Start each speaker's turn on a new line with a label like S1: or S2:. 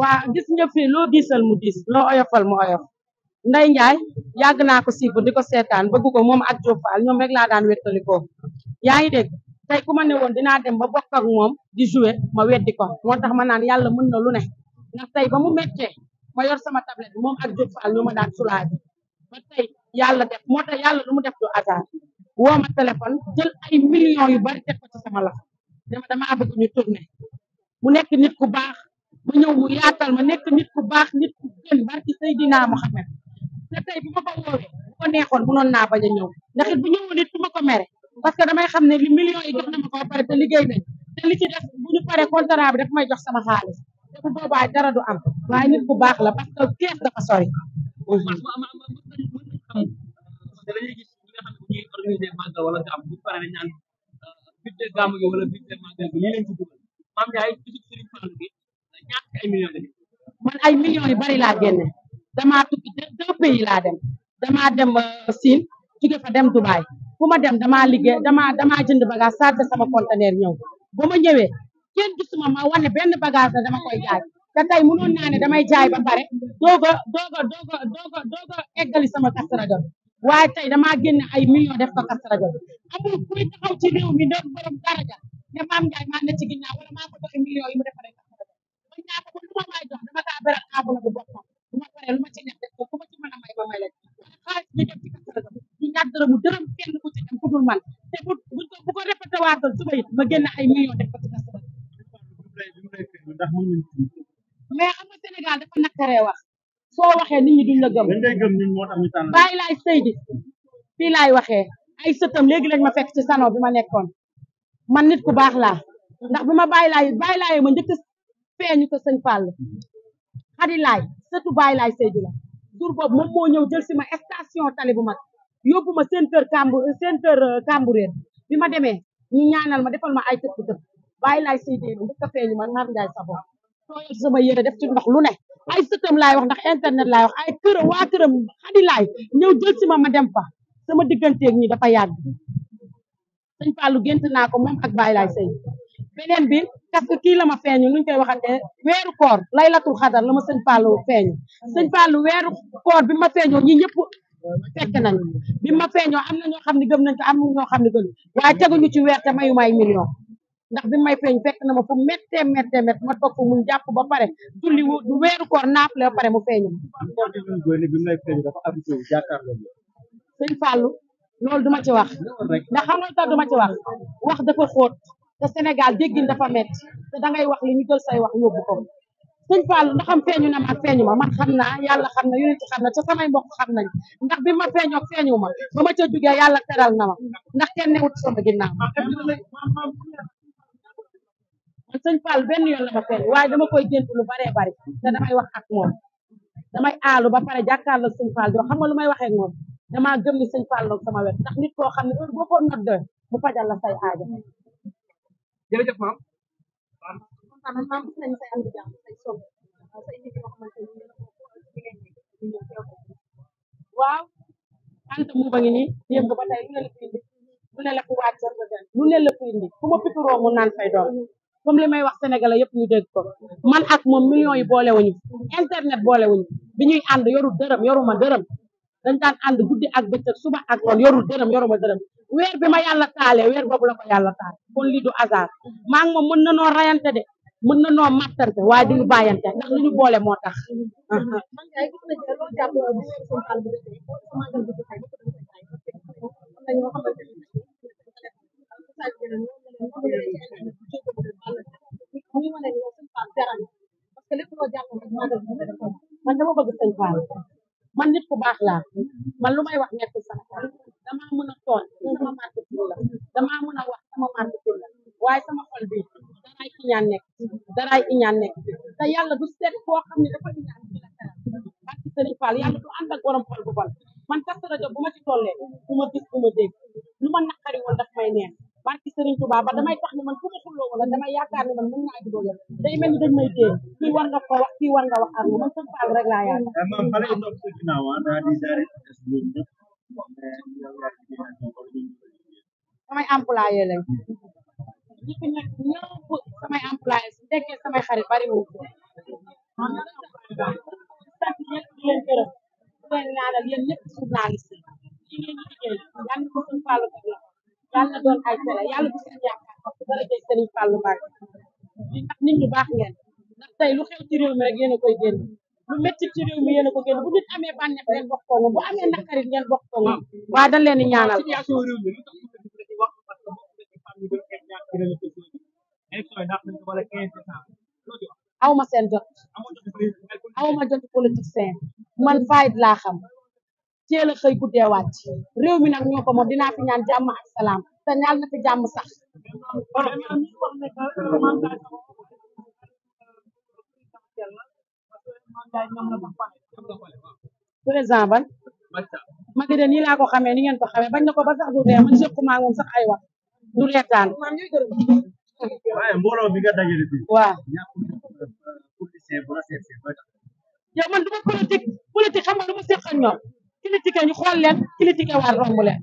S1: waa gis nga fii loo diisal mu diis loo oyofal mu oyof Ndeye Ndiaye yàgg naa ko siibu di ko seetaan bëgg ko moom ak Diop Fall ñoom rek laa daan wettalikoo yaa ngi dégg tey ku ma ne woon dinaa dem ba bokk ak moom di jouer ma weddi ko moo tax ma naan yàlla mën na lu ne ndax tey ba mu méttee ma yor sama tablette moom ak Diop Fall ma daan sulaay ba tey yàlla def moo tax yàlla lu mu def du hasard woo ma téléphone jël ay millions yu bari teg ko ci sama loxo dama damaa bëgg ma ñëw mu yaatal ma nekk nit bu baax nit ku gën barki Seydina Mohamed te tey bu ma ko woowee bu ko neexoon mënoon naa bañ a ñëw ndax bu ñëwoon nit du ma ko mere parce que damay xam ne li millions yi jox na ma ko pare te liggéey nañ te li ci def bu ñu paree contrat bi daf may jox sama xaalis te bu boobaa dara du am waaye nit bu baax la parce que kees dafa sori.
S2: dañuy gis ñi nga xam wala nga am bu ay millions
S1: man ay millions yu bari laa génne damaa tukki deux pays dem damaa dem euh, Siin jóge fa dem Dubaay fu ma dem damaa liggéey dama damaa jënd bagage chargé sama conteneur ñëw ba ma ñëwee kenn gisuma ma wane benn bagage la dama koy jaay te tey mënoon naa damay jaay ba pare doog a doog a doog a doog a eggali sama Kazu Rajab waaye tey damaa génne ay millions def ko Kazu Rajab amul kuy taxaw ci réew mi doog borom daraja ne maam Ndiaye maa ne ci ginnaaw wala maa ko joxe millions naa ko ma waay jox dama kaa beral table bu boppam bu lu ma ci neex def ko ku ma ci mën a may ba may la xaalis ci kasaraga ñu ñaar ku bu bu ko bu ko répété
S2: waatal suba it ma génn ay millions def ko ci kasaraga a xam
S1: nga Sénégal dafa nakkaree wax soo waxee nit ñi duñ la gëm bàyyi laay sëy di fii laay waxee ay sëtam léegi lañ ma fekk ci salon bi ma nekkoon man nit ku baax laa ndax bi ma bàyyi laay bàyyi laay ma njëkk feeñu ko sëñ Fall xadi laay sëtu baay laay Seydi la jur boobu moom moo ñëw jël si ma station tali bu mag yóbbu ma seen kër kambu euh, bi ma demee ñu ñaanal ma defal ma ay tëpp tëpp baay laay Seydi la a ma nar njaay sa sama yére def si ndox lu ne ay sëtam laay wax ndax internet laay wax ay kër waa këram xadi laay ñëw jël si ma ma sama digganteeg ñi dafa yàgg sëñ Fallu gént naa ko moom ak baay laay Seydi beneen bi parce que kii la ma feeñu nuñ koy waxatee weeru koor laylatul xadar la ma sëñ Fallou feeñu sëñ Fallou weeru koor bi ma ñi ñëpp fekk nañ bi ma am na ñoo xam ne gëm nañ ko ñoo xam ne gëm waaye teguñu ci weer te mayu may million ndax bi may feeñ fekk na ma fu méttee méttee méttee ma toog mu ba pare julli du weeru koor naafle ba pare mu feeñu sëñ Fallou loolu duma ci wax ndax xam nga tax duma ci wax wax dafa xóot te Sénégal déggin dafa metti te da wax li ñu jël say wax yóbbu ko sëñ Fall ndaxam feeñu na ma feeñu ma man xam naa yàlla xam na yonent xam na te samay mbokk xam nañ ndax bi ma feeñoo feeñu ma ba ma ca jugee na ma ndax kenn newut sama ginnaaw man sëñ benn yoon la ma feeñ waaye dama koy gént lu baree bari te damay wax ak moom damay aalu ba pare jàkkaarloog sëñ Fall doo xam nga lu may waxee ak moom damaa gën ni sëñ Fall sama wet ndax nit koo xam ne heure boo noddee mu fajal la say aajo jërëjëf maam. waaw man mu ba ngi nii yëpp ba tey lu ne la fi indi lu ne la naan fay doom comme may wax sénégalais yëpp ñu dégg ko man ak moom millions yi boolewuñu internet boolewuñu bi ñuy ànd yoru dërëm yoru dërëm dañ daan ànd guddi ak bëccëg suba ak ngoon yorul dërëm yoruma dërëm weer bi ma yàlla taalee weer boobu la ko yàlla taale kon lii du hasard maa ngi moom mën na noo rayante de mën na boole moo tax man nit ku baax laa man lu may wax nekk sama xol damaa mën a toon sama marketing la damaa mën a wax sama marketing la waaye sama xol bi daraay iñaan nekk daraay iñaan nekk te yàlla du seet koo xam ne dafa iñaan bi la teral ak Sëriñ Fall yàlla du ànd ak borom xol bu bon man tas rajo bu ma ci tollee bu ma gis bu ma dégg Serigne Touba ba damay tax ni man fu ma xulloo wala damay yaakaar ni man mën naa jubóo yow day mel ni dañ may dégg kii war nga ko wax kii war nga wax ak man sëñ Fall rek laa yaakaar.
S2: maam xale yi toog sa ginnaaw ah naa di jaare ñoom
S1: ñëpp samay employé lañ ñi fi nekk ñëpp samay employé su nekkee samay xarit bari wu ko sant ñëpp di leen gërëm di leen ñaanal yéen ñëpp journaliste yi ngeen di liggéey yàlla ko suñ Fall teg la yàlla doon ay télé yàlla bu seen yaakaar wax dëgg yàlla jël Serigne Fallou Mbacké ndax nit ñu baax ngeen ndax tey lu xew ci réew mi rek yéen a koy génn lu métti ci réew mi yéen a ko génn bu nit amee bànneex ngeen bokk ko moom bu amee naqarit ngeen bokk ko moom waaye dañ leen di ñaanal. aw ma seen jot aw ma jot politicien man fayit laa xam. teel xey xëy wacc wàcc réew mi nak ñoko mo dina fi ñaan jamm ak salaam te ñaal na fi jamm sax président ban magi de ni la ko xamé ni ngeen ko xamé bañ na ko ba sax du dé man sëpp ma moom sax ay wax du rétan
S2: waay mbooloo bi ga dajé bu nga dajale bi waaw
S1: yow man du politique politique xam nga du ma seq ak critiqué ñu xool leen critiqué waat romb
S2: leen